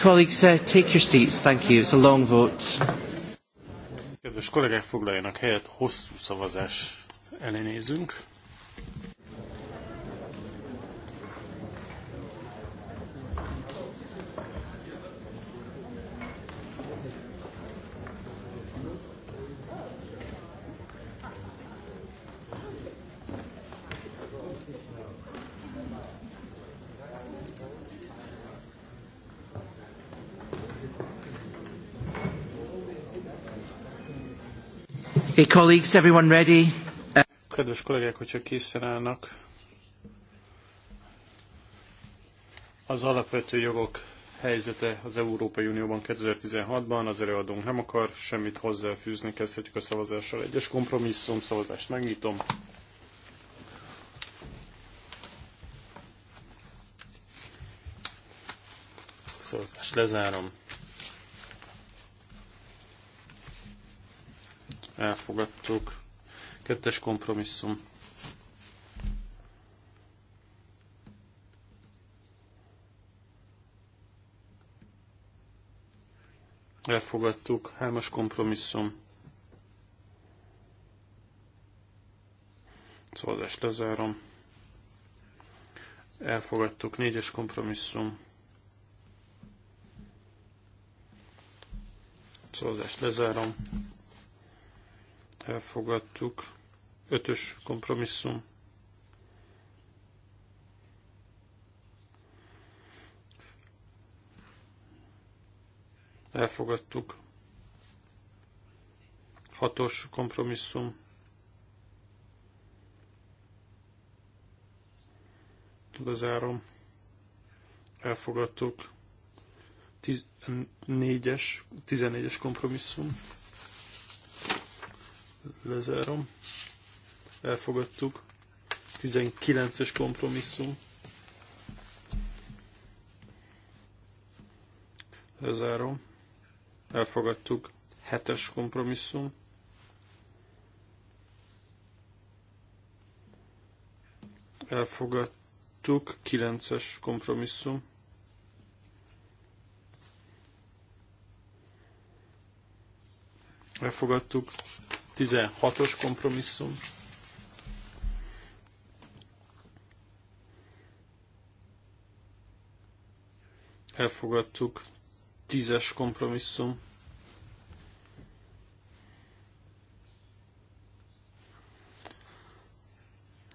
Colleagues, uh, take your seats. Thank you. It's a long vote. Kedves kollégák, foglaljanak helyet, hosszú szavazás elé Hey colleagues, everyone ready? Kedves kollégák, hogyha készen állnak, az alapvető jogok helyzete az Európai Unióban 2016-ban, az előadónk nem akar semmit hozzáfűzni, kezdhetjük a szavazással. Egyes kompromisszum, szavazást megnyitom. Szavazást lezárom. elfogadtuk. Kettes kompromisszum. Elfogadtuk. Hármas kompromisszum. Szavazást lezárom. Elfogadtuk. Négyes kompromisszum. Szavazást lezárom elfogadtuk. Ötös kompromisszum. Elfogadtuk. Hatos kompromisszum. Lezárom. Elfogadtuk. Tiz- négyes, 14 kompromisszum. Lezárom. Elfogadtuk. 19-es kompromisszum. Lezárom. Elfogadtuk. 7-es kompromisszum. Elfogadtuk. 9-es kompromisszum. Elfogadtuk. 16-os kompromisszum. Elfogadtuk. 10-es kompromisszum.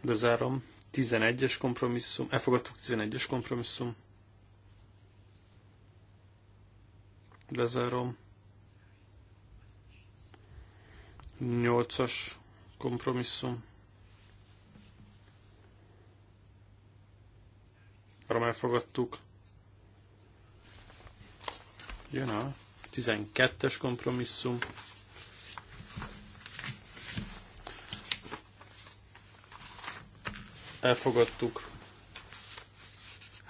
Lezárom. 11-es kompromisszum. Elfogadtuk 11-es kompromisszum. Lezárom. Nyolcas kompromisszum. Arra már fogadtuk. Jön a 12-es kompromisszum. Elfogadtuk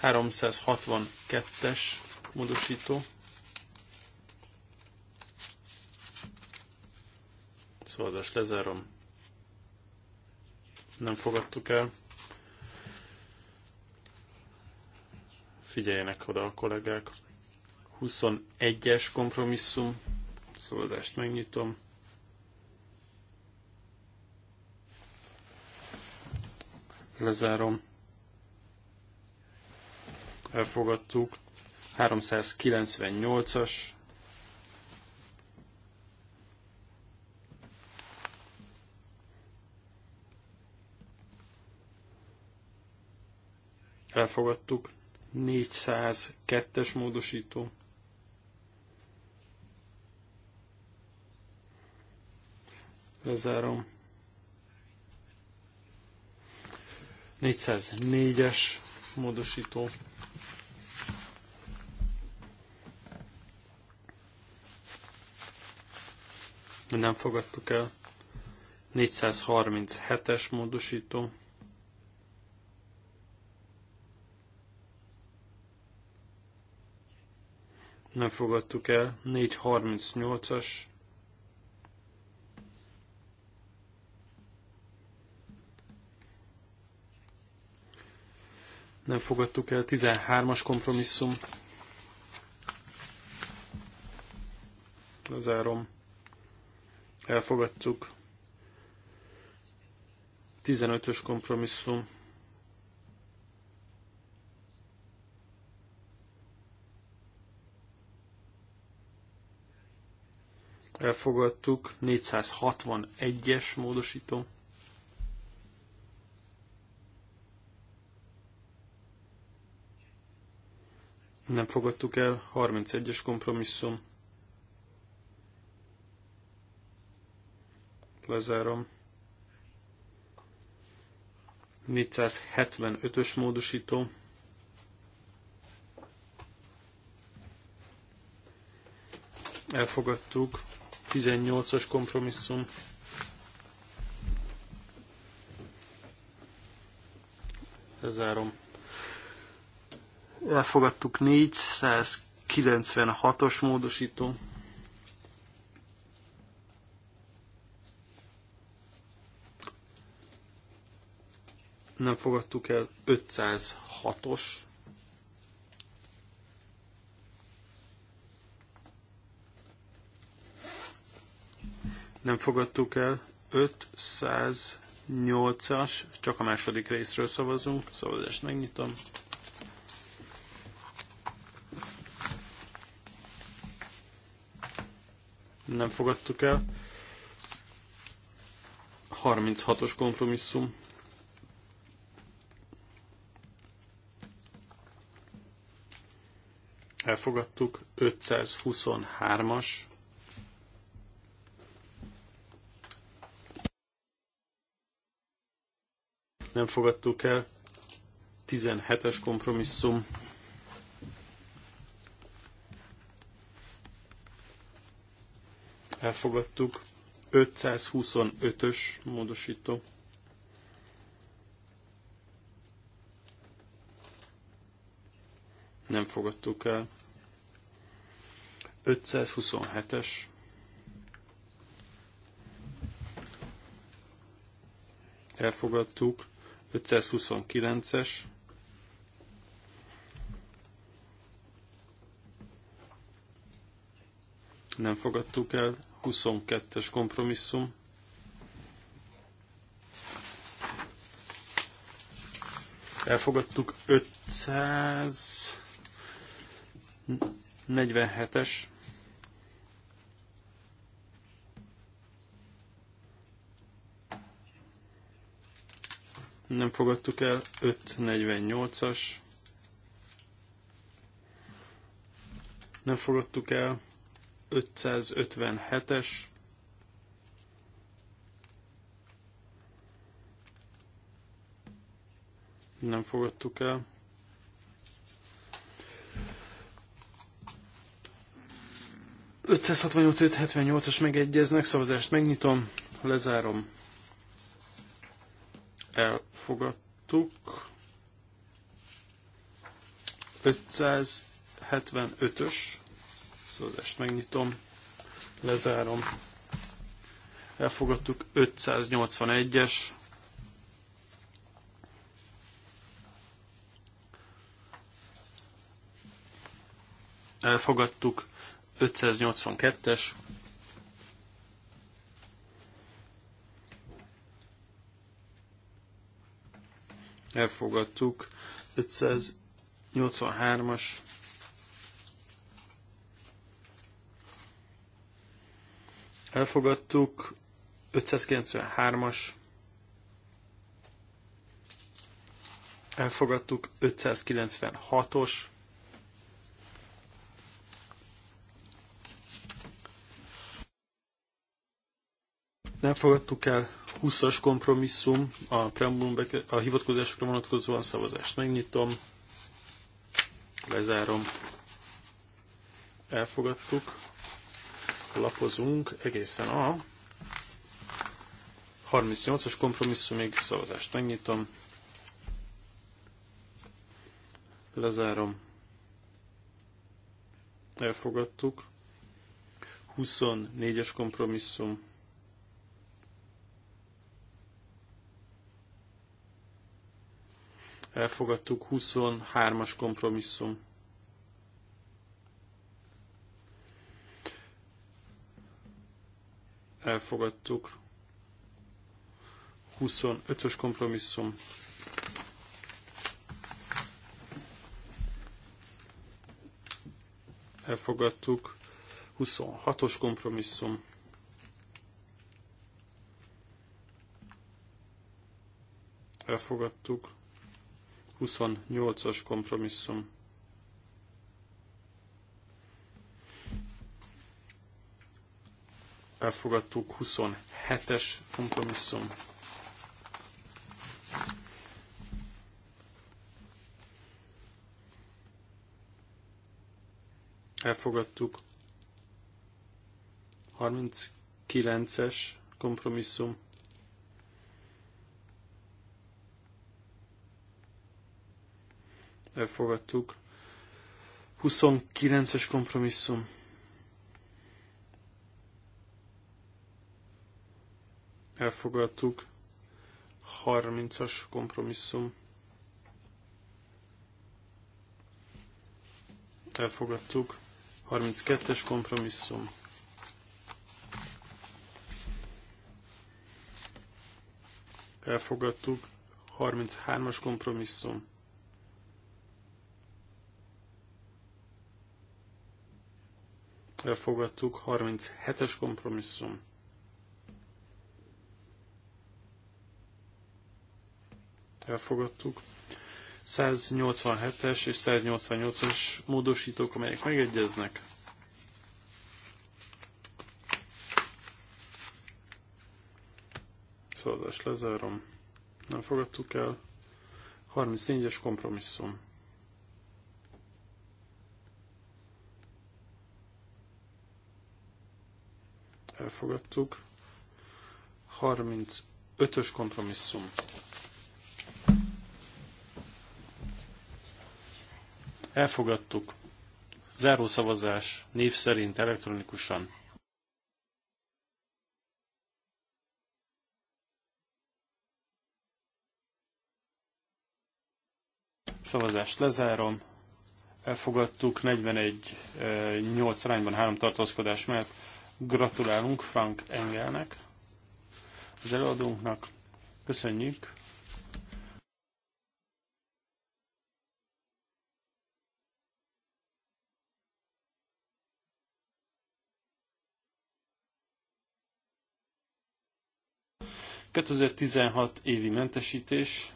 362-es módosító. Szavazást lezárom. Nem fogadtuk el. Figyeljenek oda a kollégák. 21-es kompromisszum. Szavazást megnyitom. Lezárom. Elfogadtuk. 398-as elfogadtuk. 402-es módosító. Lezárom. 404-es módosító. Nem fogadtuk el. 437-es módosító. nem fogadtuk el, 438-as, nem fogadtuk el, 13-as kompromisszum, lezárom, elfogadtuk, 15-ös kompromisszum, elfogadtuk, 461-es módosító. Nem fogadtuk el, 31-es kompromisszum. Lezárom. 475-ös módosító. Elfogadtuk. 18-as kompromisszum. Lezárom. Elfogadtuk 496-os módosító. Nem fogadtuk el 506-os nem fogadtuk el. 508-as, csak a második részről szavazunk. Szavazást megnyitom. Nem fogadtuk el. 36-os kompromisszum. Elfogadtuk. 523-as. nem fogadtuk el. 17-es kompromisszum. Elfogadtuk. 525-ös módosító. Nem fogadtuk el. 527-es. Elfogadtuk. 529-es, nem fogadtuk el, 22-es kompromisszum, elfogadtuk 547-es, nem fogadtuk el, 548-as, nem fogadtuk el, 557-es, nem fogadtuk el. as megegyeznek, szavazást megnyitom, lezárom elfogadtuk. 575-ös szózást megnyitom, lezárom. Elfogadtuk 581-es. Elfogadtuk 582-es. elfogadtuk. 583-as elfogadtuk. 593-as elfogadtuk. 596-os nem fogadtuk el 20-as kompromisszum a, preambulum a hivatkozásokra vonatkozóan szavazást. Megnyitom, lezárom, elfogadtuk, lapozunk egészen a 38-as kompromisszumig szavazást megnyitom, lezárom, elfogadtuk, 24-es kompromisszum, elfogadtuk 23-as kompromisszum. Elfogadtuk 25-ös kompromisszum. Elfogadtuk 26-os kompromisszum. Elfogadtuk 28-as kompromisszum. Elfogadtuk 27-es kompromisszum. Elfogadtuk 39-es kompromisszum. elfogadtuk. 29-es kompromisszum. Elfogadtuk. 30-as kompromisszum. Elfogadtuk. 32-es kompromisszum. Elfogadtuk. 33-as kompromisszum. elfogadtuk, 37-es kompromisszum. Elfogadtuk. 187-es és 188-as módosítók, amelyek megegyeznek. Szavazást lezárom. Nem fogadtuk el. 34-es kompromisszum. elfogadtuk. 35-ös kompromisszum. Elfogadtuk. Zárószavazás név szerint elektronikusan. Szavazást lezárom. Elfogadtuk 41-8 eh, arányban három tartózkodás mellett. Gratulálunk Frank Engelnek, az előadónknak. Köszönjük! ...2016 évi mentesítés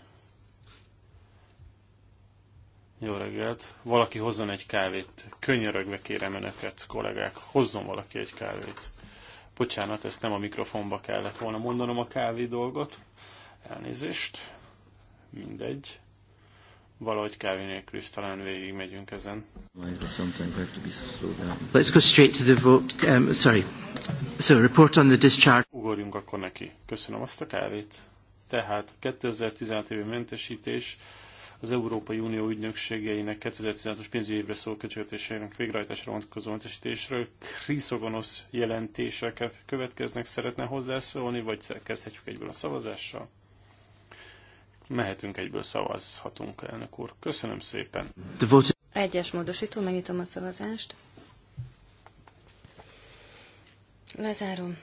jó reggelt! Valaki hozzon egy kávét. Könyörögve kérem önöket, kollégák, hozzon valaki egy kávét. Bocsánat, ezt nem a mikrofonba kellett volna mondanom a kávé dolgot. Elnézést. Mindegy. Valahogy kávé nélkül is talán megyünk ezen. Let's go straight to the vote. Um, sorry. So, report on the discharge. Ugorjunk akkor neki. Köszönöm azt a kávét. Tehát 2016 évi mentesítés az Európai Unió ügynökségeinek 2016-os pénzügyi évre szóló költségvetésének végrehajtásra vonatkozó mentesítésről. Kriszogonosz jelentések következnek, szeretne hozzászólni, vagy kezdhetjük egyből a szavazással? Mehetünk egyből, szavazhatunk, elnök úr. Köszönöm szépen. Egyes módosító, megnyitom a szavazást. Lezárom.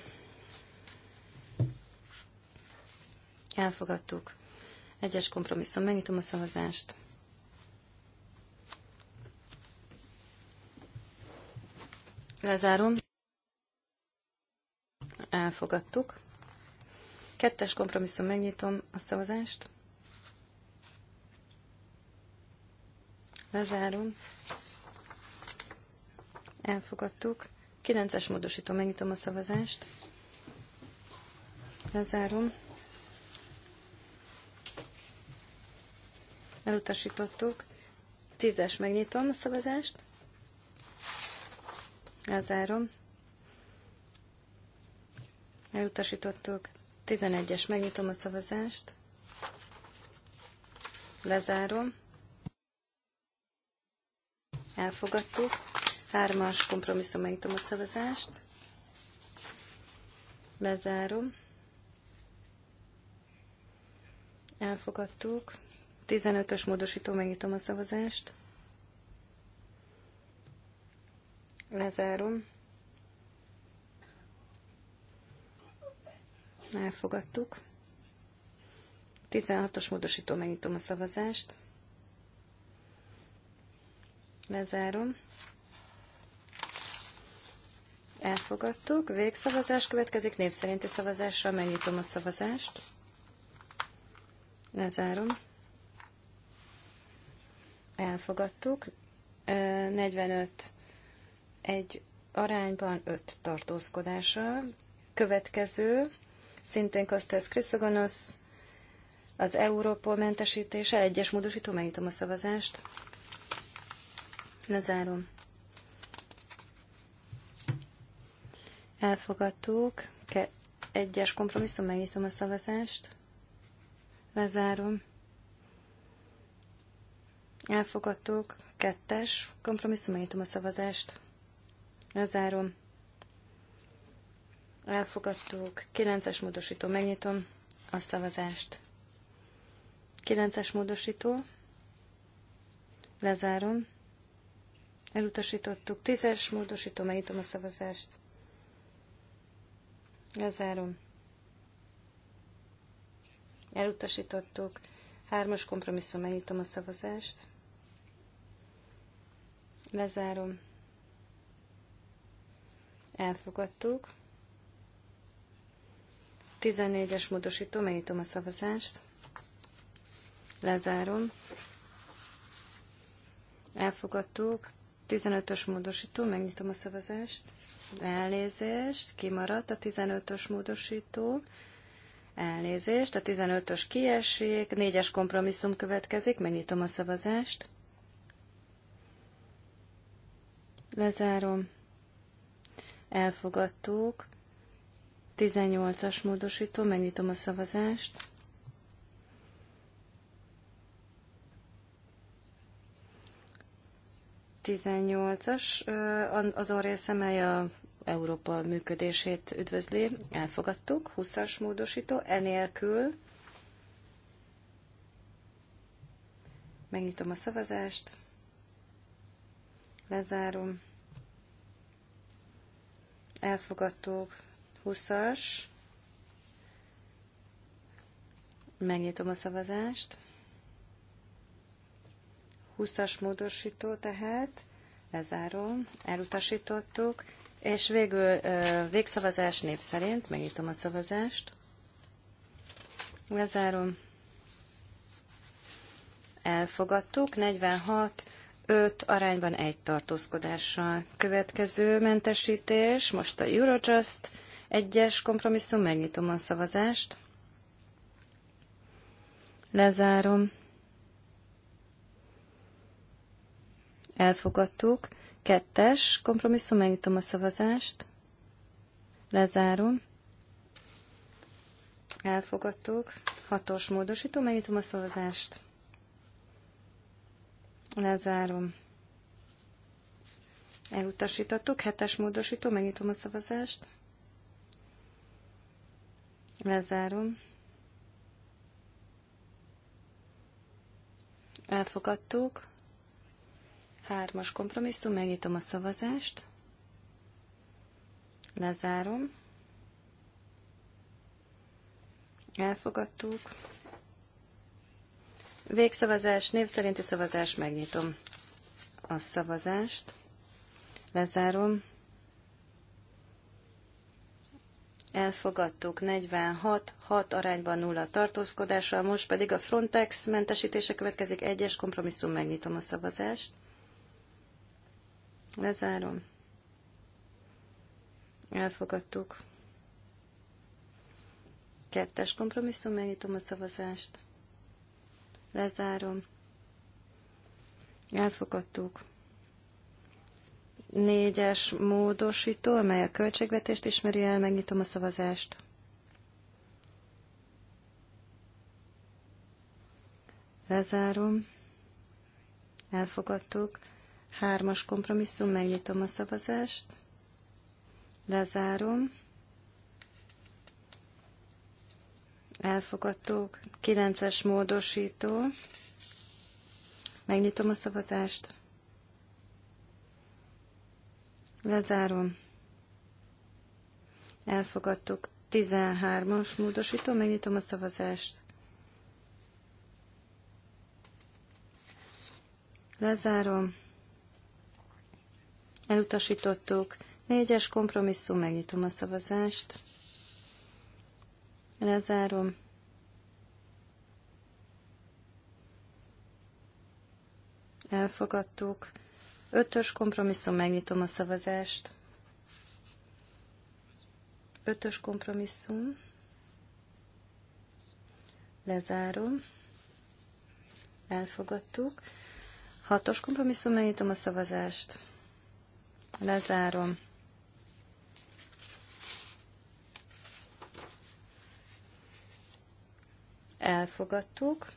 Elfogadtuk. Egyes kompromisszum. Megnyitom a szavazást. Lezárom. Elfogadtuk. Kettes kompromisszum. Megnyitom a szavazást. Lezárom. Elfogadtuk. Kilences módosító. Megnyitom a szavazást. Lezárom. elutasítottuk. Tízes megnyitom a szavazást. Elzárom. Elutasítottuk. Tizenegyes megnyitom a szavazást. Lezárom. Elfogadtuk. Hármas kompromisszum megnyitom a szavazást. Lezárom. Elfogadtuk. 15-ös módosító, megnyitom a szavazást. Lezárom. Elfogadtuk. 16-os módosító, megnyitom a szavazást. Lezárom. Elfogadtuk. Végszavazás következik. Név szerinti szavazásra megnyitom a szavazást. Lezárom elfogadtuk, 45 egy arányban 5 tartózkodása. Következő, szintén Kostas Kriszogonosz, az Európol mentesítése, egyes módosító, megnyitom a szavazást. Lezárom. Elfogadtuk. Ke- egyes kompromisszum, megnyitom a szavazást. Lezárom elfogadtuk, kettes kompromisszum, a szavazást, lezárom, elfogadtuk, kilences módosító, megnyitom a szavazást, kilences módosító, lezárom, elutasítottuk, tízes módosító, megnyitom a szavazást, lezárom, elutasítottuk, hármas kompromisszum, megnyitom a szavazást, Lezárom. Elfogadtuk. 14-es módosító, megnyitom a szavazást. Lezárom. Elfogadtuk. 15-ös módosító, megnyitom a szavazást. Elnézést, kimaradt a 15-ös módosító. Elnézést, a 15-ös kiesik, 4-es kompromisszum következik, megnyitom a szavazást. Lezárom. Elfogadtuk. 18-as módosító, megnyitom a szavazást. Tizennyolcas, azon rész, amely a Európa működését üdvözli, elfogadtuk. 20-as módosító, enélkül. Megnyitom a szavazást. Lezárom elfogadtuk 20-as. Megnyitom a szavazást. 20-as módosító tehát, lezárom, elutasítottuk, és végül végszavazás név szerint megnyitom a szavazást. Lezárom. Elfogadtuk, 46 5 arányban egy tartózkodással. Következő mentesítés, most a Eurojust, egyes kompromisszum, megnyitom a szavazást. Lezárom. Elfogadtuk. Kettes kompromisszum, megnyitom a szavazást. Lezárom. Elfogadtuk. Hatos módosító, megnyitom a szavazást. Lezárom. Elutasítottuk. Hetes módosító. Megnyitom a szavazást. Lezárom. Elfogadtuk. Hármas kompromisszum. Megnyitom a szavazást. Lezárom. Elfogadtuk. Végszavazás, név szerinti szavazás, megnyitom a szavazást, lezárom. Elfogadtuk 46-6 arányban nulla tartózkodással, most pedig a Frontex mentesítése következik, egyes kompromisszum, megnyitom a szavazást. Lezárom. Elfogadtuk. Kettes kompromisszum, megnyitom a szavazást. Lezárom. Elfogadtuk. Négyes módosító, amely a költségvetést ismeri el, megnyitom a szavazást. Lezárom. Elfogadtuk. Hármas kompromisszum, megnyitom a szavazást. Lezárom. elfogadtuk. 9-es módosító. Megnyitom a szavazást. Lezárom. Elfogadtuk. 13-as módosító. Megnyitom a szavazást. Lezárom. Elutasítottuk. Négyes kompromisszum. Megnyitom a szavazást. Lezárom. Elfogadtuk. Ötös kompromisszum, megnyitom a szavazást. Ötös kompromisszum. Lezárom. Elfogadtuk. Hatos kompromisszum, megnyitom a szavazást. Lezárom. elfogadtuk.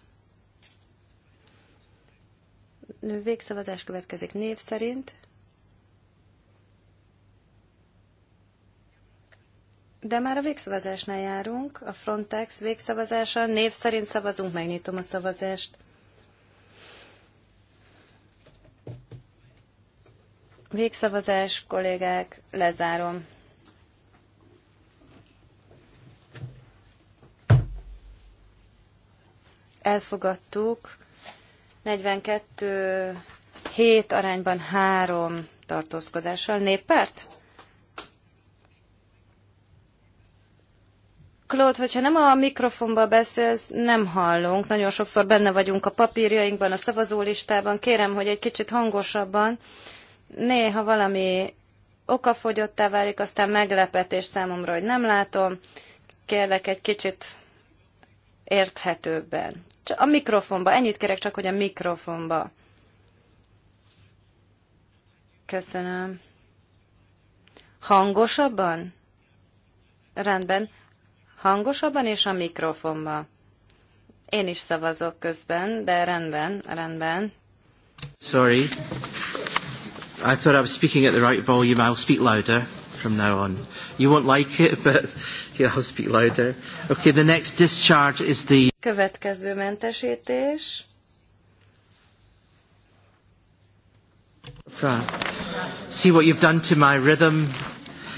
Végszavazás következik név szerint. De már a végszavazásnál járunk, a Frontex végszavazása, név szerint szavazunk, megnyitom a szavazást. Végszavazás, kollégák, lezárom. elfogadtuk. 42 7 arányban 3 tartózkodással. Néppárt? Claude, hogyha nem a mikrofonba beszélsz, nem hallunk. Nagyon sokszor benne vagyunk a papírjainkban, a szavazólistában. Kérem, hogy egy kicsit hangosabban. Néha valami okafogyottá válik, aztán meglepetés számomra, hogy nem látom. Kérlek, egy kicsit érthetőbben. Csak A mikrofonba, ennyit kérek csak, hogy a mikrofonba. Köszönöm. Hangosabban? Rendben. Hangosabban és a mikrofonba. Én is szavazok közben, de rendben, rendben. Sorry. I thought I was speaking at the right volume. I'll speak louder from now on. You won't like it, but yeah, I'll speak louder. Okay, the next discharge is the... Következő mentesítés. See what you've done to my rhythm.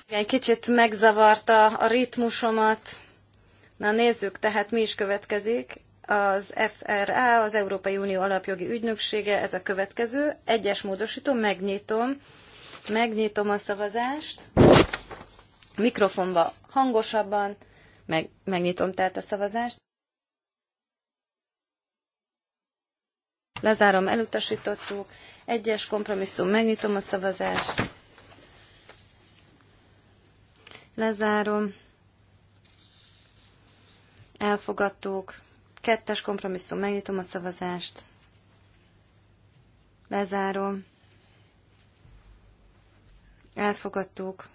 Igen, kicsit megzavarta a ritmusomat. Na nézzük, tehát mi is következik. Az FRA, az Európai Unió Alapjogi Ügynöksége, ez a következő. Egyes módosító, megnyitom. Megnyitom a szavazást mikrofonba hangosabban, meg, megnyitom tehát a szavazást. Lezárom, elutasítottuk. Egyes kompromisszum, megnyitom a szavazást. Lezárom. Elfogadtuk. Kettes kompromisszum, megnyitom a szavazást. Lezárom. Elfogadtuk.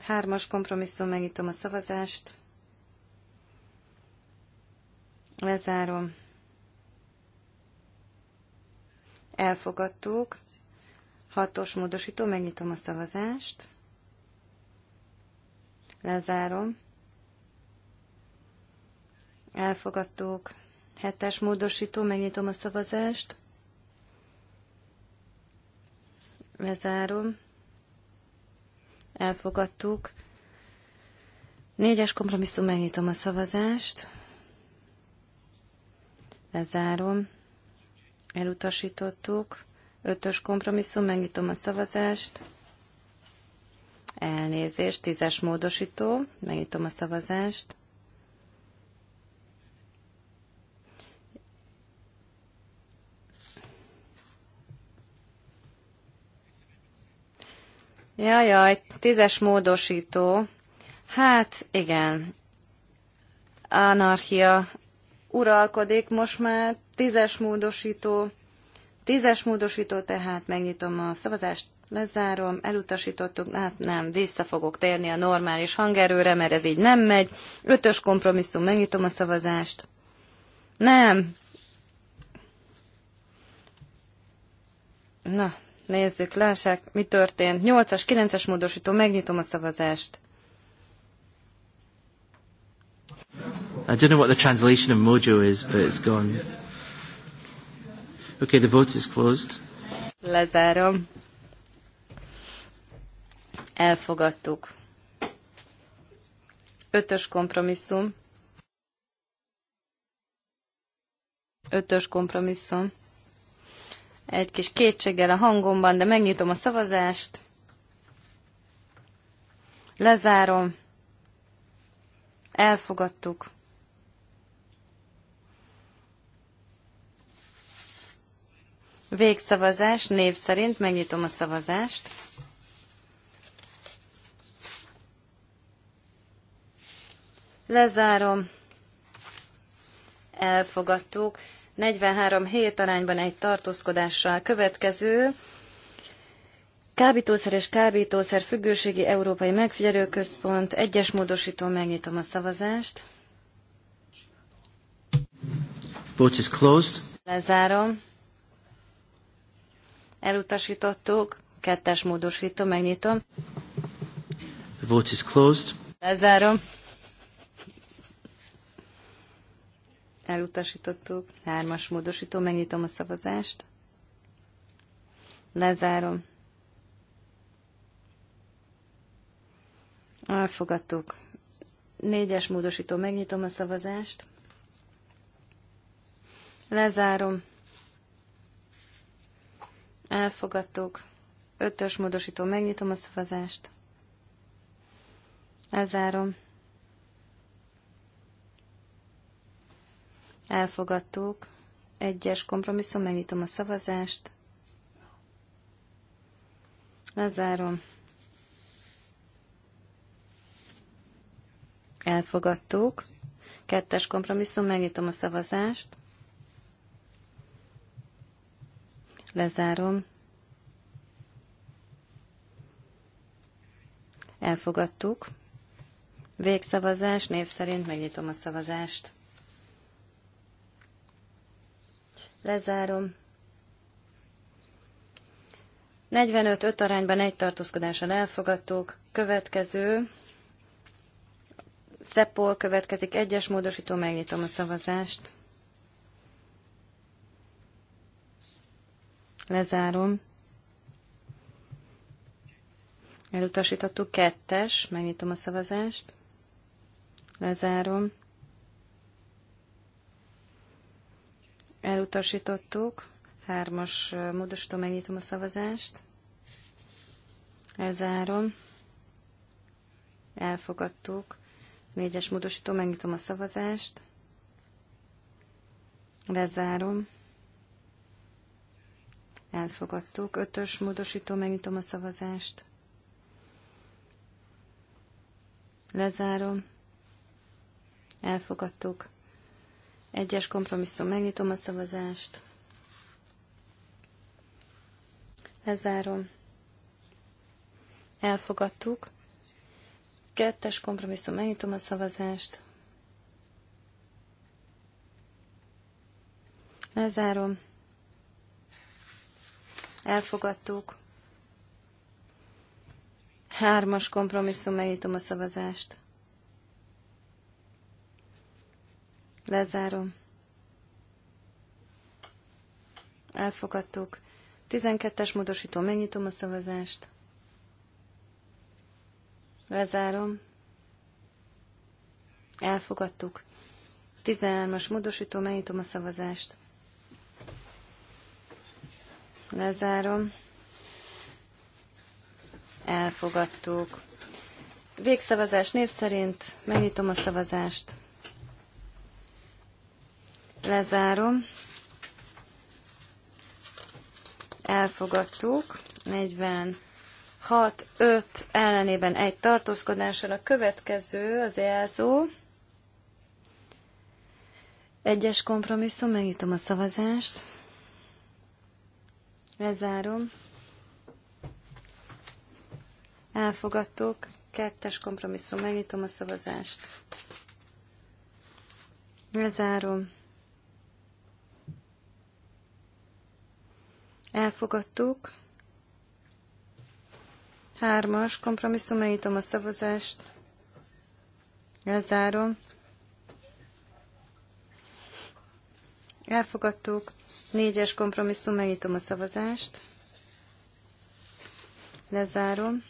Hármas kompromisszum, megnyitom a szavazást. Lezárom. Elfogadtuk. Hatos módosító, megnyitom a szavazást. Lezárom. Elfogadtuk. Hetes módosító, megnyitom a szavazást. Lezárom elfogadtuk. Négyes kompromisszum, megnyitom a szavazást. Lezárom. Elutasítottuk. Ötös kompromisszum, megnyitom a szavazást. Elnézést, tízes módosító, megnyitom a szavazást. Jajaj, tízes módosító. Hát igen, anarchia uralkodik most már, tízes módosító. Tízes módosító, tehát megnyitom a szavazást, lezárom, elutasítottuk, hát nem, vissza fogok térni a normális hangerőre, mert ez így nem megy. Ötös kompromisszum, megnyitom a szavazást. Nem. Na, Nézzük, lássák, mi történt. 8-as, 9-es módosító, megnyitom a szavazást. I don't know what the translation of mojo is, but it's gone. Okay, the vote is closed. Lezárom. Elfogadtuk. Ötös kompromisszum. Ötös kompromisszum egy kis kétséggel a hangomban, de megnyitom a szavazást. Lezárom. Elfogadtuk. Végszavazás név szerint megnyitom a szavazást. Lezárom. Elfogadtuk. 43 hét arányban egy tartózkodással. Következő kábítószer és kábítószer függőségi Európai Megfigyelőközpont. Egyes módosító, megnyitom a szavazást. Vote is closed. Lezárom. Elutasítottuk. Kettes módosító, megnyitom. The vote is closed. Lezárom. elutasítottuk. Hármas módosító, megnyitom a szavazást. Lezárom. Elfogadtuk. Négyes módosító, megnyitom a szavazást. Lezárom. Elfogadtuk. Ötös módosító, megnyitom a szavazást. Lezárom. elfogadtuk. Egyes kompromisszum, megnyitom a szavazást. Lezárom. Elfogadtuk. Kettes kompromisszum, megnyitom a szavazást. Lezárom. Elfogadtuk. Végszavazás, név szerint megnyitom a szavazást. Lezárom. 45-5 arányban egy tartózkodással elfogadtuk. Következő. Szepol következik. Egyes módosító. Megnyitom a szavazást. Lezárom. Elutasítottuk. Kettes. Megnyitom a szavazást. Lezárom. Elutasítottuk. Hármas módosító, megnyitom a szavazást. Elzárom. Elfogadtuk. Négyes módosító, megnyitom a szavazást. Lezárom. Elfogadtuk. Ötös módosító, megnyitom a szavazást. Lezárom. Elfogadtuk. Egyes kompromisszum, megnyitom a szavazást. Lezárom. Elfogadtuk. Kettes kompromisszum, megnyitom a szavazást. Lezárom. Elfogadtuk. Hármas kompromisszum, megnyitom a szavazást. Lezárom. Elfogadtuk. 12-es módosító, megnyitom a szavazást. Lezárom. Elfogadtuk. 13-as módosító, megnyitom a szavazást. Lezárom. Elfogadtuk. Végszavazás név szerint megnyitom a szavazást. Lezárom. Elfogadtuk. 46, 5 ellenében egy tartózkodással. A következő az jelzó. Egyes kompromisszum, megnyitom a szavazást. Lezárom. Elfogadtuk. Kettes kompromisszum, megnyitom a szavazást. Lezárom. Elfogadtuk. Hármas kompromisszum, elítom a szavazást. Lezárom. Elfogadtuk. Négyes kompromisszum, megnyitom a szavazást. Lezárom.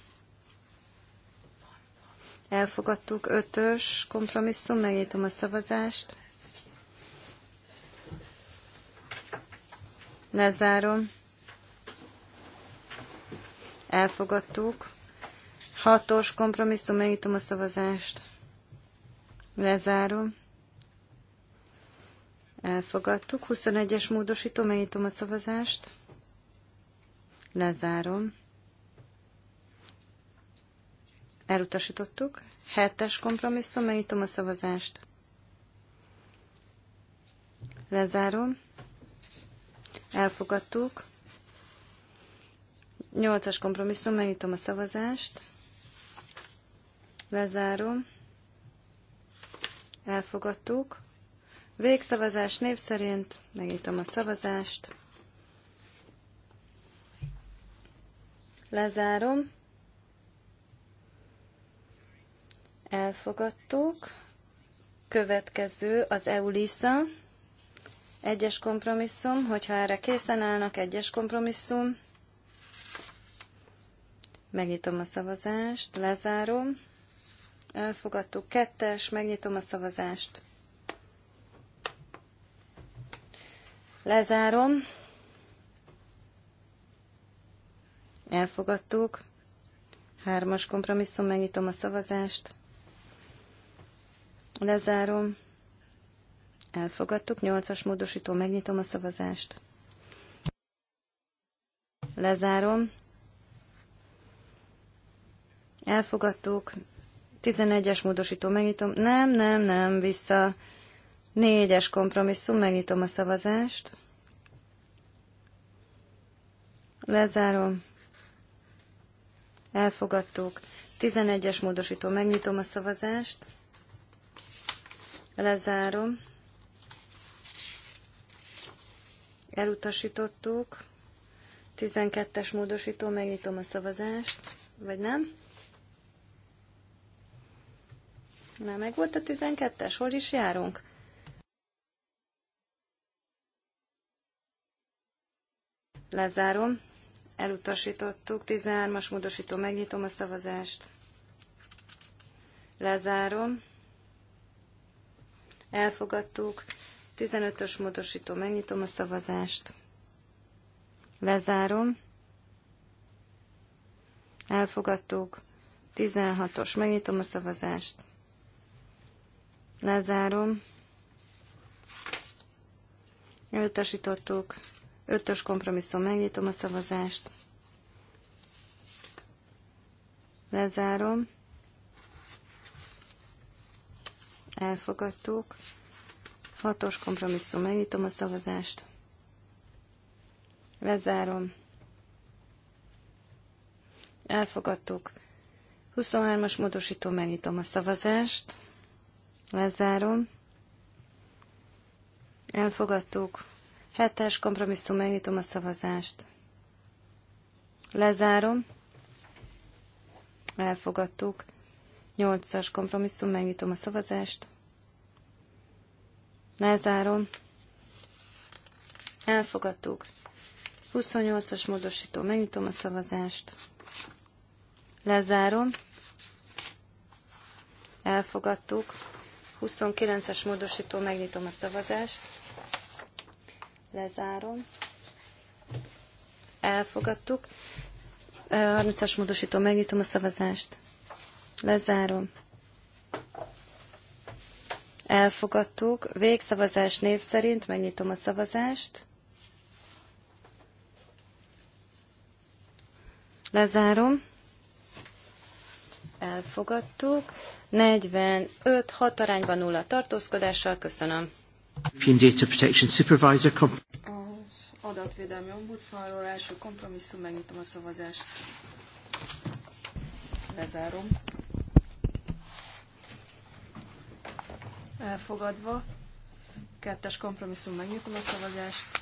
Elfogadtuk. Ötös kompromisszum, megnyitom a szavazást. Lezárom elfogadtuk. Hatos kompromisszum, megnyitom a szavazást. Lezárom. Elfogadtuk. 21-es módosító, megnyitom a szavazást. Lezárom. Elutasítottuk. 7-es kompromisszum, megnyitom a szavazást. Lezárom. Elfogadtuk. Nyolcas kompromisszum, megnyitom a szavazást. Lezárom. Elfogadtuk. Végszavazás név szerint megnyitom a szavazást. Lezárom. Elfogadtuk. Következő az EULISA. Egyes kompromisszum, hogyha erre készen állnak, egyes kompromisszum. Megnyitom a szavazást, lezárom. Elfogadtuk kettes, megnyitom a szavazást. Lezárom. Elfogadtuk. Hármas kompromisszum, megnyitom a szavazást. Lezárom. Elfogadtuk. Nyolcas módosító, megnyitom a szavazást. Lezárom elfogadtuk. 11-es módosító, megnyitom. Nem, nem, nem, vissza. 4-es kompromisszum, megnyitom a szavazást. Lezárom. Elfogadtuk. 11-es módosító, megnyitom a szavazást. Lezárom. Elutasítottuk. 12-es módosító, megnyitom a szavazást, vagy nem? Na, meg volt a 12-es? Hol is járunk? Lezárom. Elutasítottuk. 13-as módosító. Megnyitom a szavazást. Lezárom. Elfogadtuk. 15-ös módosító. Megnyitom a szavazást. Lezárom. Elfogadtuk. 16-os. Megnyitom a szavazást. Lezárom. Elutasítottuk. Ötös kompromisszum. Megnyitom a szavazást. Lezárom. Elfogadtuk. Hatos kompromisszum. Megnyitom a szavazást. Lezárom. Elfogadtuk. 23-as módosító. Megnyitom a szavazást. Lezárom. Elfogadtuk. Hetes kompromisszum, megnyitom a szavazást. Lezárom. Elfogadtuk. Nyolcas kompromisszum, megnyitom a szavazást. Lezárom. Elfogadtuk. 28-as módosító, megnyitom a szavazást. Lezárom. Elfogadtuk. 29-es módosító, megnyitom a szavazást. Lezárom. Elfogadtuk. 30-as módosító, megnyitom a szavazást. Lezárom. Elfogadtuk. Végszavazás név szerint megnyitom a szavazást. Lezárom elfogadtuk. 45-6 arányban nulla tartózkodással, köszönöm. Data Protection Supervisor Az adatvédelmi ombudsmanról első kompromisszum, megnyitom a szavazást. Lezárom. Elfogadva. Kettes kompromisszum, megnyitom a szavazást.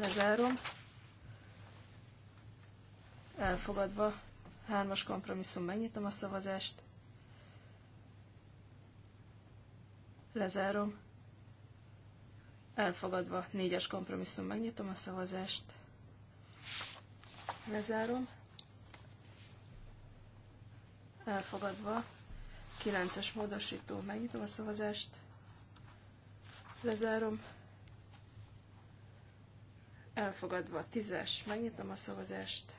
Lezárom elfogadva. Hármas kompromisszum, megnyitom a szavazást. Lezárom. Elfogadva. Négyes kompromisszum, megnyitom a szavazást. Lezárom. Elfogadva. Kilences módosító, megnyitom a szavazást. Lezárom. Elfogadva. Tízes, megnyitom a szavazást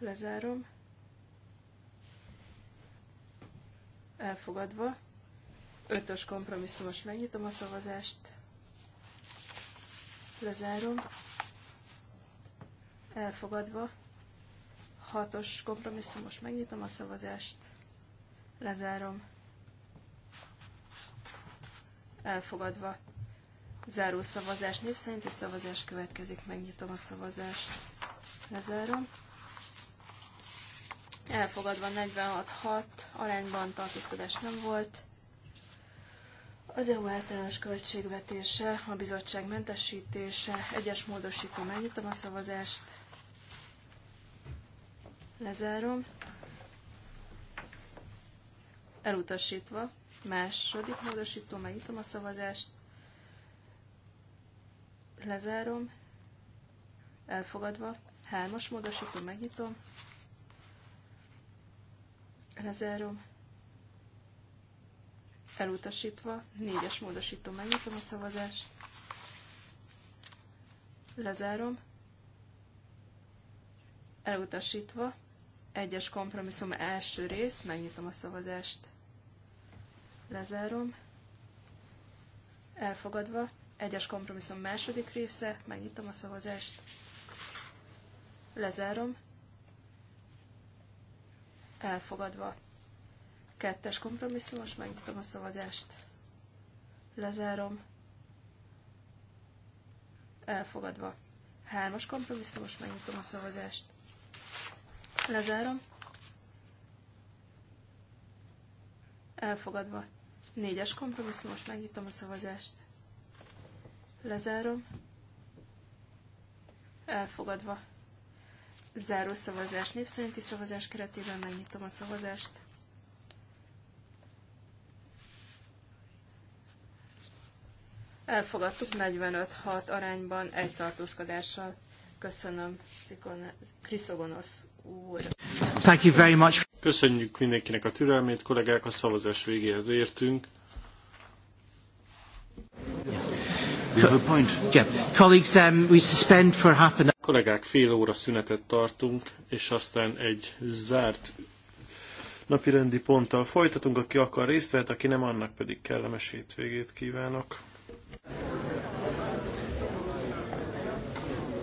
Lezárom. Elfogadva. Ötös kompromisszumos megnyitom a szavazást. Lezárom. Elfogadva. Hatos kompromisszumos megnyitom a szavazást. Lezárom. Elfogadva. Záró szavazás név szerinti szavazás következik. Megnyitom a szavazást. Lezárom elfogadva 46-6 arányban tartózkodás nem volt. Az EU általános költségvetése, a bizottság mentesítése, egyes módosító, megnyitom a szavazást, lezárom, elutasítva, második módosító, megnyitom a szavazást, lezárom, elfogadva, hármas módosító, megnyitom, lezárom. Felutasítva, négyes módosító, megnyitom a szavazást. Lezárom. Elutasítva, egyes kompromisszum első rész, megnyitom a szavazást. Lezárom. Elfogadva, egyes kompromisszum második része, megnyitom a szavazást. Lezárom elfogadva. Kettes kompromisszumos, megnyitom a szavazást. Lezárom. Elfogadva. Hármas kompromisszumos, megnyitom a szavazást. Lezárom. Elfogadva. Négyes kompromisszumos, megnyitom a szavazást. Lezárom. Elfogadva. Záró szavazás, név szerinti szavazás keretében megnyitom a szavazást. Elfogadtuk 45-6 arányban egy tartózkodással. Köszönöm, Kriszogonosz úr. Thank you very much. Köszönjük mindenkinek a türelmét, kollégák, a szavazás végéhez értünk. We have a point. Yeah. Colleagues, um, we suspend for half an Kollégák, fél óra szünetet tartunk, és aztán egy zárt napirendi ponttal folytatunk. Aki akar részt vehet, aki nem, annak pedig kellemes hétvégét kívánok.